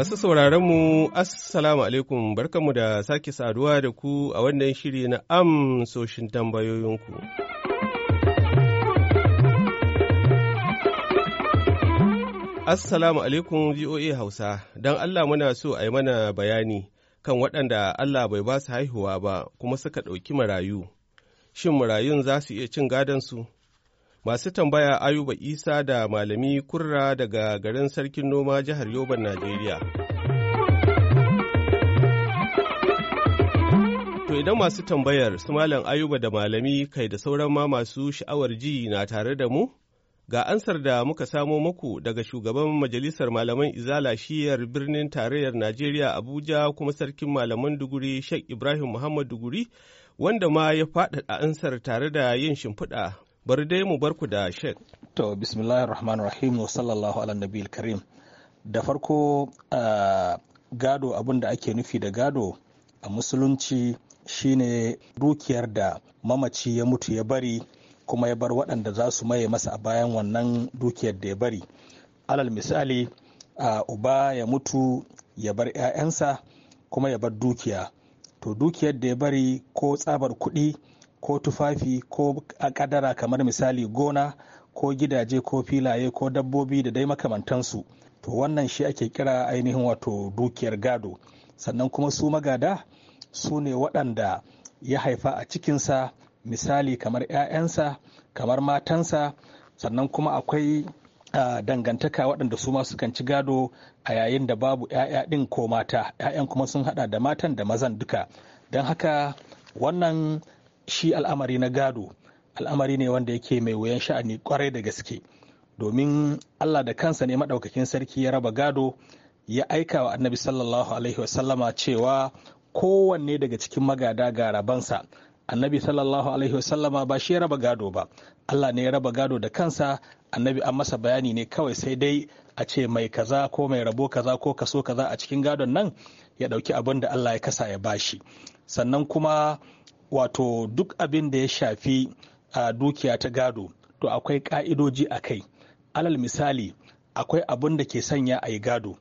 Masu sauraron mu Assalamu alaikum barkanmu da sake saduwa da ku a wannan shiri na amsoshin tambayoyinku. Assalamu alaikum VOA Hausa, don Allah muna so a yi mana bayani kan waɗanda Allah bai ba su haihuwa ba kuma suka ɗauki marayu. Shin marayun za su iya cin gadon su? Masu tambaya Ayuba Isa da Malami Kurra daga garin Sarkin Noma jihar Yoban Najeriya. To idan masu tambayar su Malam Ayuba da Malami kai da sauran ma masu sha'awar ji na tare da mu? Ga ansar da muka samo muku daga shugaban Majalisar Malaman Izala shiyar birnin tarayyar Najeriya Abuja kuma sarkin malaman Duguri Sheikh Ibrahim Muhammad Duguri wanda ma ya faɗaɗa ansar tare da yin shimfiɗa bari dai mu barku da shek to bismillahir rahmanir rahim wa sallallahu ala nabiyil karim da farko uh, gado abin da ake nufi da gado a musulunci shine dukiyar da mamaci ya mutu ya bari kuma ya bar waɗanda za su maye masa a bayan wannan dukiyar da ya bari alal misali a uba ya mutu ya bar 'ya'yansa kuma ya bar dukiya to dukiyar da ya bari ko tsabar kuɗi ko tufafi ko a kadara kamar misali gona ko gidaje ko filaye ko dabbobi da dai makamantansu to wannan shi ake kira ainihin wato dukiyar gado sannan kuma su magada su ne waɗanda ya haifa a cikinsa misali kamar 'ya'yansa kamar matansa sannan kuma akwai dangantaka waɗanda su masu sukan ci gado a yayin da babu 'ya'ya ɗin ko mata 'ya'yan kuma sun hada da matan da mazan duka don haka wannan shi al'amari na gado al'amari ne wanda yake mai wuyan sha'ani kwarai da gaske domin allah da kansa ne maɗaukakin sarki ya raba gado ya aika wa annabi sallallahu alaihi wasallama cewa kowanne daga cikin magada ga rabansa annabi sallallahu alaihi wasallama ba shi ya raba gado ba allah ne ya raba gado da kansa annabi an masa bayani ne kawai sai dai a ce mai kaza ko mai rabo kaza ko kaso kaza a cikin gadon nan ya ɗauki abin da allah ya kasa ya bashi sannan kuma wato duk abin da ya shafi a dukiya ta gado to akwai ka'idoji a kai alal misali akwai abin da ke sanya a yi gado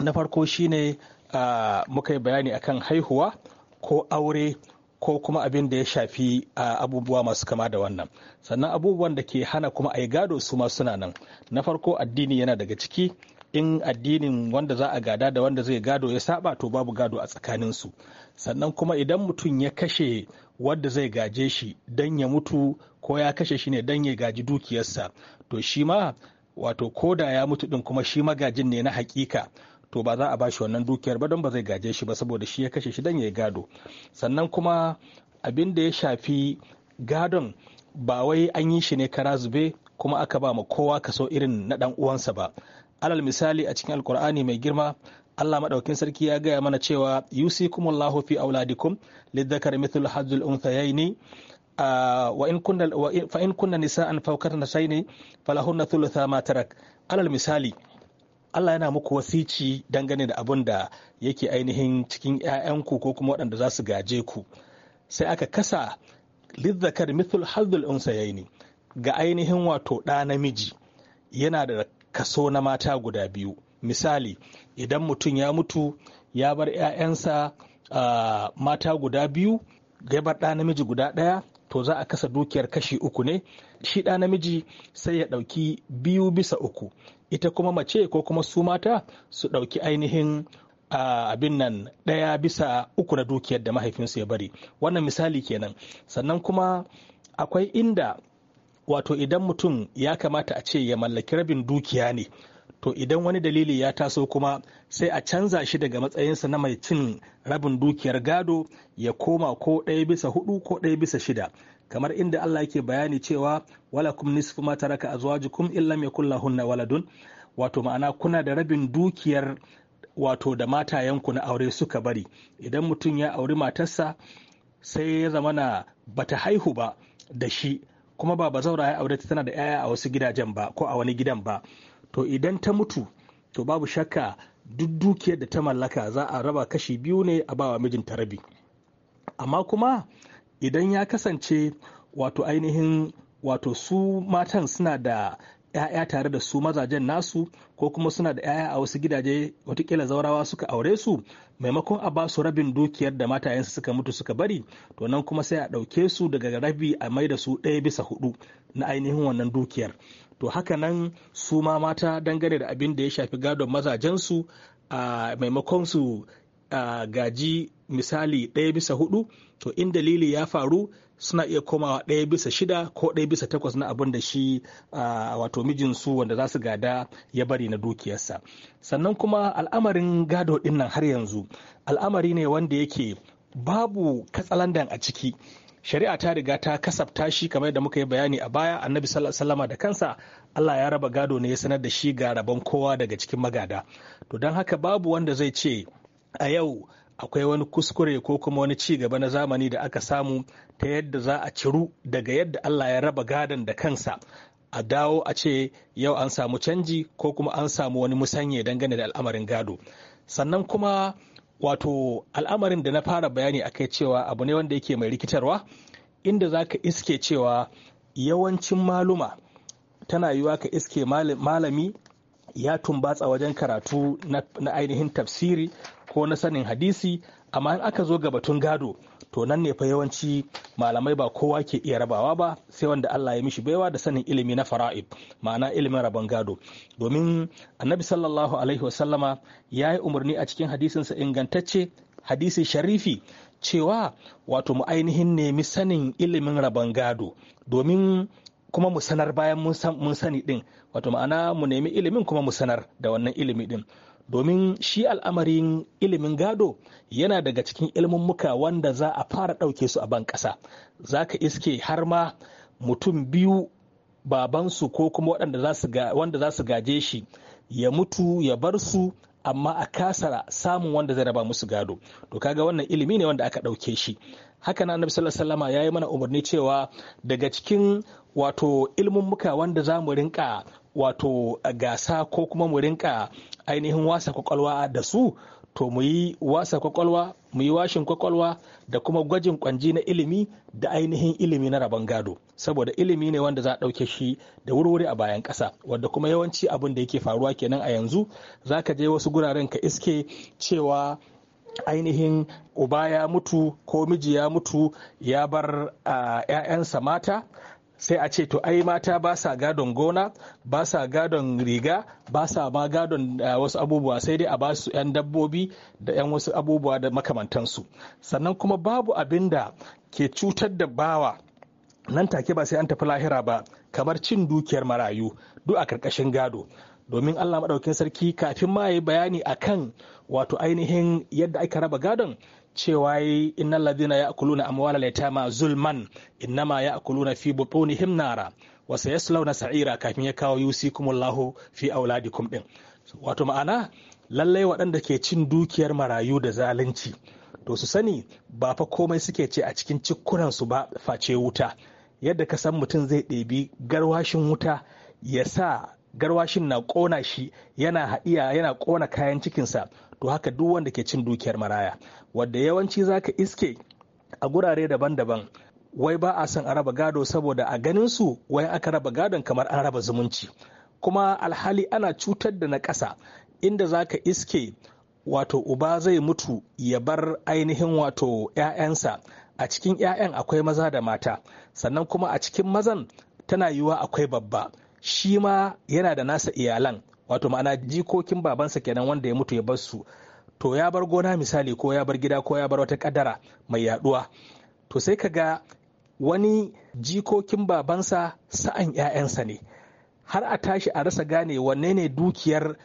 na farko shine a muka yi bayani akan haihuwa ko aure ko kuma abin da ya shafi a abubuwa masu kama da wannan sannan abubuwan da ke hana kuma a yi gado su ma suna nan na farko addini yana daga ciki in addinin wanda za a gada da wanda zai gado ya saba to babu gado a tsakaninsu sannan kuma idan mutum ya kashe wanda zai gaje shi don ya mutu ko ya kashe shi ne don ya gaji dukiyarsa to shi ma wato ko da ya mutu din kuma shi magajin ne na hakika to ba za a bashi wannan dukiyar ba don ba zai gaje shi ba saboda shi ya kashe shi don ya gado sannan kuma abin da ya shafi gadon ba wai an yi shi ne kara zube kuma aka ba ma kowa kaso irin na dan uwansa ba alal misali a cikin alkur'ani mai girma Allah maɗaukin sarki ya gaya mana cewa yusikumullahu fi auladikum lidhakari mithlu hadzul unthayaini wa in kunna fa in kunna nisa'an fawqa nasaini falahunna thulutha ma tarak alal misali Allah yana muku wasici dangane da abun da yake ainihin cikin 'ya'yanku ko kuma waɗanda za su gaje ku sai aka kasa lidhakari mithlu hadzul unthayaini ga ainihin wato ɗa namiji yana da kaso na mata guda biyu misali idan mutum ya mutu ya bar 'ya'yansa uh, mata guda biyu bar ɗa namiji guda ɗaya to za a kasa dukiyar kashi uku ne shi ɗa namiji sai ya ɗauki biyu bisa uku ita kuma mace ko kuma su mata su ɗauki ainihin abin nan ɗaya bisa uku na dukiyar da mahaifinsu ya bari wannan misali kenan sannan kuma akwai inda wato idan mutum ya kamata a ce ya mallaki rabin dukiya ne to idan wani dalili ya taso kuma sai a canza shi daga matsayinsa na mai cin rabin dukiyar gado ya koma ko ɗaya bisa hudu ko ɗaya bisa shida kamar inda Allah yake bayani cewa wala kum nisfu ma taraka azwajukum illam yakul lahunna waladun wato ma'ana kuna da rabin dukiyar wato da matayenku na aure suka bari idan mutum ya auri matarsa sai ya zamana bata haihu ba da shi kuma ba bazaura ya aure ta tana da 'ya'ya a wasu gidajen ba ko a wani gidan ba to idan ta mutu to babu shakka duk dukiyar da ta mallaka za a raba kashi biyu ne a bawa mijinta rabi amma kuma idan ya kasance wato ainihin wato su matan suna da 'ya'ya tare da su mazajen nasu ko kuma suna da 'ya'ya a wasu gidaje watakila zaurawa suka aure su maimakon a ba su rabin dukiyar da matayensu suka mutu suka bari to nan kuma sai a ɗauke su daga rabi a mai da su ɗaya bisa hudu na ainihin wannan dukiyar to haka nan su ma mata dangane da abin da ya shafi gadon mazajensu a maimakon su gaji misali ɗaya bisa hudu to in dalili ya faru suna iya komawa ɗaya bisa shida ko ɗaya bisa takwas na abin da shi wato mijinsu wanda za su gada ya bari na dukiyarsa sannan kuma al'amarin gado ɗin nan har yanzu al'amari ne wanda yake babu katsalandan a ciki shari'a ta riga ta kasafta shi kamar da muka yi bayani a baya annabi sallama da kansa allah ya raba gado ne ya sanar da shi ga rabon kowa daga cikin magada to don haka babu wanda zai ce a yau akwai wani kuskure ko kuma wani ci gaba na zamani da aka samu ta yadda za a ciru daga yadda Allah ya raba gadon da kansa a dawo a ce yau an samu canji ko kuma an samu wani musanye dangane da al'amarin gado sannan kuma wato al'amarin da na fara bayani a kai cewa abu ne wanda yake mai rikitarwa inda za ka iske cewa yawancin maluma tana yiwuwa ka iske malami ya tumbatsa wajen karatu na, ainihin tafsiri ko na sanin hadisi amma in aka zo ga batun gado to nan ne fa yawanci malamai ba kowa ke iya rabawa ba sai wanda Allah ya mishi baiwa da sanin ilimi na fara'id ma'ana ilimin rabon gado domin annabi sallallahu alaihi wasallama ya yi umarni a cikin hadisinsa ingantacce hadisi sharifi cewa wato mu ainihin nemi sanin ilimin rabon gado domin kuma mu sanar bayan mun sani din wato ma'ana mu nemi ilimin kuma mu sanar da wannan ilimi din domin shi al'amarin ilimin gado yana daga cikin ilmummuka wanda za a fara ɗauke su a ban ƙasa za ka iske har ma mutum biyu babansu ko kuma wanda za su gaje shi ya mutu ya bar su amma a kasara samun wanda zai raba musu gado to kaga wannan ilimi ne wanda aka ɗauke shi haka na annabi sallallahu alaihi wasallama yayi mana umarni cewa daga cikin wato ilmummuka wanda za mu rinka wato gasa ko kuma mu rinka ainihin wasa kwakwalwa da su to mu yi wasa kwakwalwa mu yi washin kwakwalwa da kuma gwajin kwanji na ilimi da ainihin ilimi na rabon gado saboda ilimi ne wanda za a ɗauke shi da wurwuri a bayan ƙasa wadda kuma yawanci abin da yake faruwa kenan a yanzu za ka je wasu guraren ka iske cewa ainihin uba ya mutu ko miji ya mutu ya bar ah, 'ya'yansa mata sai a ce to ai mata ba sa gadon gona ba sa gadon riga ba sa ma gadon eh, wasu abubuwa sai dai a ba su 'yan dabbobi da 'yan wasu abubuwa da makamantansu sannan kuma babu abin da ke cutar da bawa nan take ba sai an tafi lahira ba kamar cin dukiyar marayu duk a karkashin gado domin allah maɗaukin sarki kafin ma yi bayani akan wato ainihin yadda aka raba gadon cewa yi innal ladina ya'kuluna amwalal ma zulman innama na fi himnara wasa wa sayaslawna sa'ira kafin ya kawo yusikumullahu fi kum din wato ma'ana lallai waɗanda ke cin dukiyar marayu da zalunci to su sani ba fa komai suke ce a cikin cikkunansu ba face wuta yadda ka san mutum zai ɗebi garwashin wuta ya sa garwashin na ƙona shi yana haɗiya yana ƙona kayan cikinsa to haka duk wanda ke cin dukiyar maraya wadda yawanci zaka iske a gurare daban-daban wai ba a son a raba gado saboda a ganin su wai aka raba gadon kamar an raba zumunci kuma alhali ana cutar da na ƙasa inda zaka iske wato uba zai mutu ya bar ainihin wato 'ya'yansa a cikin 'ya'yan akwai maza da mata sannan kuma a cikin mazan tana yiwuwa akwai babba shi ma yana da nasa iyalan wato ma'ana jikokin babansa kenan wanda ya mutu ya bar su to ya bar gona misali ko ya bar gida ko ya bar wata kadara mai yaduwa to sai ka ga wani jikokin babansa sa'an 'ya'yansa ne har a tashi a rasa gane wanne ne dukiyar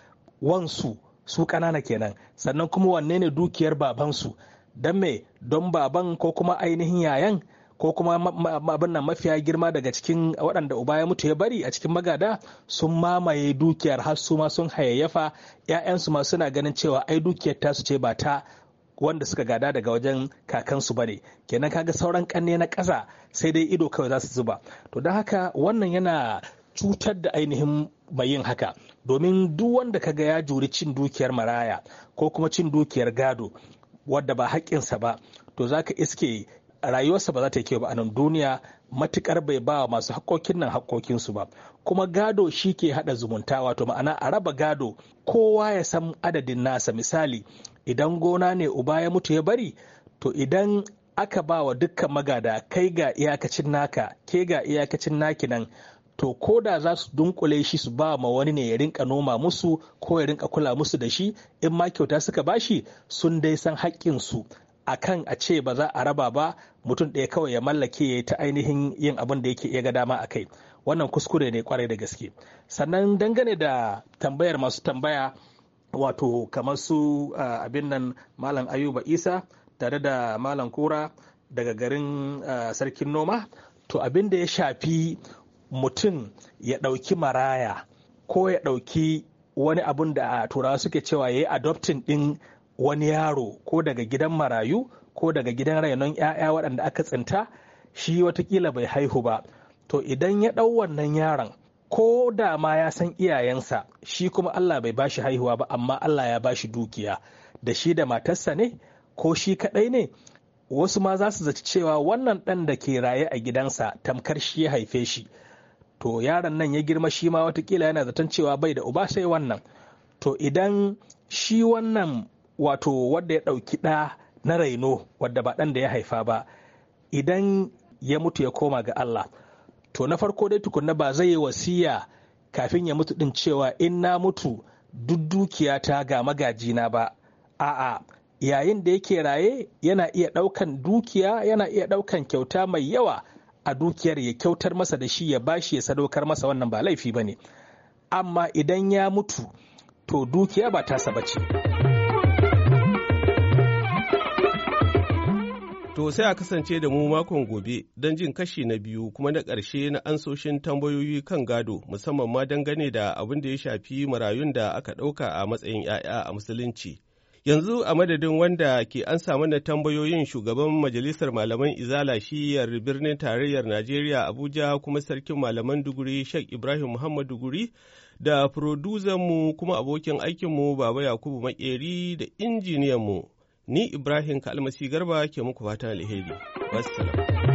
wansu su kanana kenan sannan kuma wanne ne dukiyar babansu don me don baban ko kuma ainihin yayan ko kuma abin nan mafiya girma daga cikin waɗanda uba ya mutu ya bari a cikin magada sun mamaye dukiyar har su ma sun hayayyafa 'ya'yansu ma suna ganin cewa ai dukiyar tasu ce ba ta wanda suka gada daga wajen kakansu bane kenan kaga sauran kanne na ƙasa sai dai ido kawai za su zuba to don haka wannan yana cutar da ainihin mai yin haka domin duk wanda kaga ya juri cin dukiyar maraya ko kuma cin dukiyar gado wadda ba haƙƙinsa ba to za ka iske rayuwarsa ba za ta yi kyau ba a nan duniya matukar bai ba masu haƙoƙin nan haƙoƙinsu ba kuma gado shi ke haɗa zumunta wato ma'ana a raba gado kowa ya san adadin nasa misali idan gona ne uba ya mutu ya bari to idan aka ba wa dukkan magada kai ga iyakacin naka ke ga iyakacin naki nan to ko da za su dunkule shi su ba ma wani ne ya rinka noma musu ko ya rinka kula musu da shi in ma kyauta suka bashi sun dai san haƙƙinsu akan a ce ba za a raba ba mutum ɗaya kawai ya mallake ya yi ta ainihin yin abin da yake iya ga dama a kai wannan kuskure ne kwarai da gaske sannan dangane da tambayar masu tambaya wato kamar su abin nan malam ayuba isa tare da malam kura daga garin sarkin noma to abin da ya shafi mutum ya ɗauki maraya ko ya ɗauki wani abun da a turawa suke cewa ya yi adoptin ɗin wani yaro ko daga gidan marayu ko daga gidan rainon 'ya'ya waɗanda aka tsinta shi watakila bai haihu ba to idan ya ɗau wannan yaron ko da ma ya san iyayensa shi kuma Allah bai bashi haihuwa ba amma Allah ya bashi dukiya da shi da matarsa ne ko shi kaɗai ne wasu ma za su zaci cewa wannan ɗan da ke raye a gidansa tamkar shi ya haife shi to yaron nan ya girma shi ma watakila yana zaton cewa bai da uba sai wannan to idan shi wannan wato wadda ya ɗauki ɗa na raino wadda ba ɗan da ya haifa ba idan ya mutu ya koma ga Allah to na farko dai tukunna ba zai yi wasiya kafin ya mutu din cewa in na mutu duk dukiyata ga magajina ba a'a yayin da yake raye yana iya ɗaukan dukiya yana iya ɗaukan kyauta mai yawa a dukiyar ya kyautar masa da shi ya bashi ya sadaukar masa wannan ba laifi ba ne amma idan ya mutu to dukiya ba tasa ba To sai a kasance da mu makon gobe don jin kashi na biyu kuma na ƙarshe na ansoshin tambayoyi kan gado musamman ma dangane da abin da ya shafi marayun da aka ɗauka a matsayin 'ya'ya a musulunci. Yanzu a madadin wanda ke an samu na tambayoyin shugaban majalisar malaman izala shiyar birnin tarayyar Najeriya Abuja kuma sarkin malaman duguri Sheikh Ibrahim Muhammad duguri da mu kuma abokin aikinmu Baba Yakubu Makeri da injiniyanmu Ni Ibrahim Kalmasi Garba ke muku fatan alheri. Wassalam.